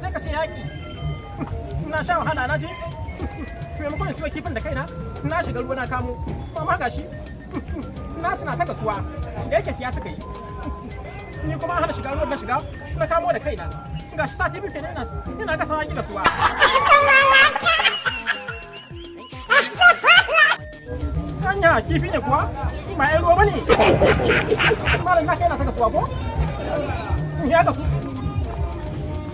sai ka ce yaƙi na sha wahala na je maimakon in siyo kifin da kaina na shiga ruwa na kamo amma ga shi na suna ta kasuwa da yake siya suka yi ni kuma hana shiga ruwa na shiga na kamo da kaina ga shi sati biyu kenan ina ga sawa ki kasuwa hanya kifi ne kuwa ba yan ruwa ne? malam na kai na ta kasuwa ko ya kasu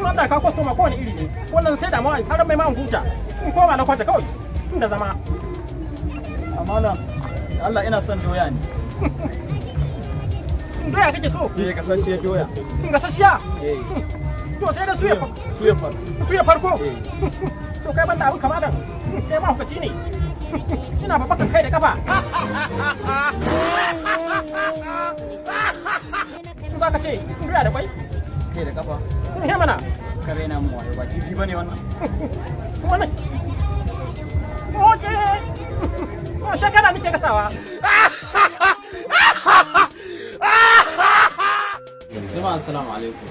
kuma da ka kwastoma kowane iri ne wannan sai damuwa in sarar mai ma huta in koma na kwace kawai in da zama amana Allah ina son doya ne doya kake so eh gasashiya doya gasashiya eh to sai da suya suya farko suya farko to kai banda abin kama da sai ma hukaci ne ina babakan kai da kafa za ka ce in doya da kwai Kai da kafa. Ya mana. Ka raina mu wayo ba kifi bane wannan. Wannan. Oke. Ko shekara nake kasawa. Jama'a assalamu alaikum.